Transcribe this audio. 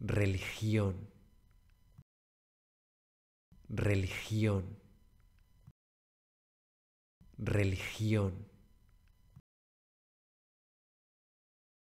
religión, religión, religión.